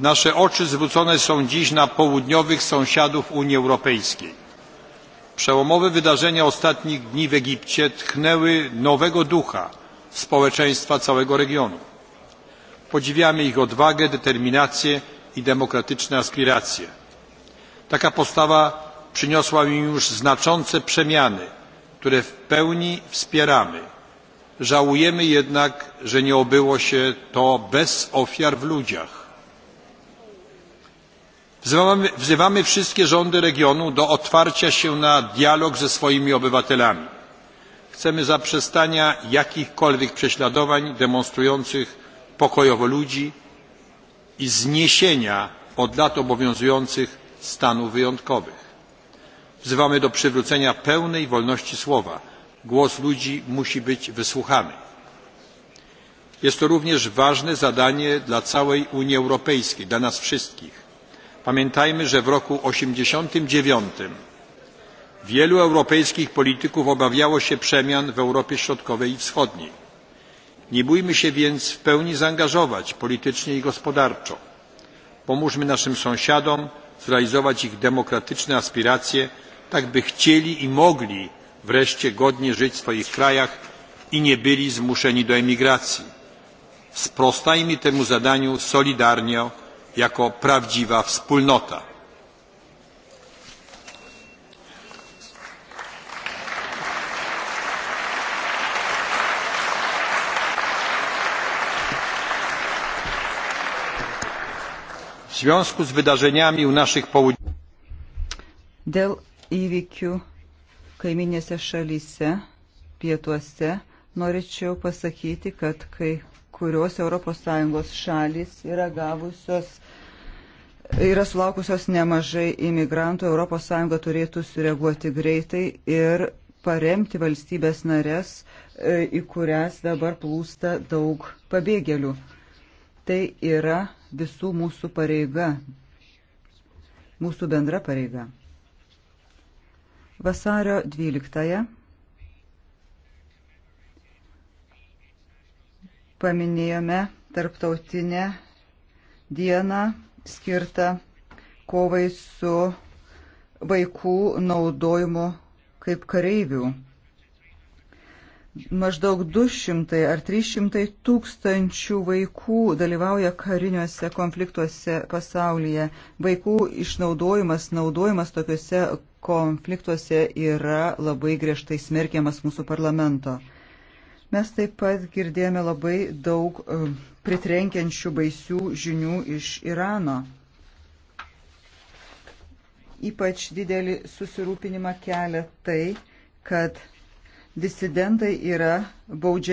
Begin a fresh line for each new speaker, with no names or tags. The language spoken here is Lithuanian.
Nasze oczy zwrócone są dziś na południowych sąsiadów Unii Europejskiej. Przełomowe wydarzenia ostatnich dni w Egipcie tchnęły nowego ducha w społeczeństwa całego regionu. Podziwiamy ich odwagę, determinację i demokratyczne aspiracje. Taka postawa przyniosła im już znaczące przemiany, które w pełni wspieramy. Żałujemy jednak, że nie obyło się to bez ofiar w ludziach. Wzywamy, wzywamy wszystkie rządy regionu do otwarcia się na dialog ze swoimi obywatelami. Chcemy zaprzestania jakichkolwiek prześladowań demonstrujących pokojowo ludzi i zniesienia od lat obowiązujących stanów wyjątkowych. Wzywamy do przywrócenia pełnej wolności słowa. Głos ludzi musi być wysłuchany. Jest to również ważne zadanie dla całej Unii Europejskiej, dla nas wszystkich Pamiętajmy, że w roku 1989 wielu europejskich polityków obawiało się przemian w Europie Środkowej i Wschodniej. Nie bójmy się więc w pełni zaangażować politycznie i gospodarczo. Pomóżmy naszym sąsiadom zrealizować ich demokratyczne aspiracje, tak by chcieli i mogli wreszcie godnie żyć w swoich krajach i nie byli zmuszeni do emigracji. Sprostajmy temu zadaniu solidarnie jako prawdziwa wspólnota. W związku z wydarzeniami u naszych południowych
Dėl įvykių kaiminėse šalyse, pietuose, norėčiau pasakyti, kad kai kurios ES šalis yra gavusios, yra sulaukusios nemažai imigrantų, ES turėtų sureaguoti greitai ir paremti valstybės narės, e, į kurias dabar plūsta daug pabėgėlių. Tai yra visų mūsų pareiga, mūsų bendra pareiga. Vasario 12. -ąją. paminėjome tarptautinę dieną skirtą kovai su vaikų naudojimu kaip kareivių. Maždaug 200 ar 300 tūkstančių vaikų dalyvauja kariniuose konfliktuose pasaulyje. Vaikų išnaudojimas, naudojimas tokiuose konfliktuose yra labai griežtai smerkiamas mūsų parlamento. Mes taip pat girdėjome labai daug e, pritrenkiančių baisių žinių iš Irano. Ypač didelį susirūpinimą kelia tai, kad disidentai yra baudžiami.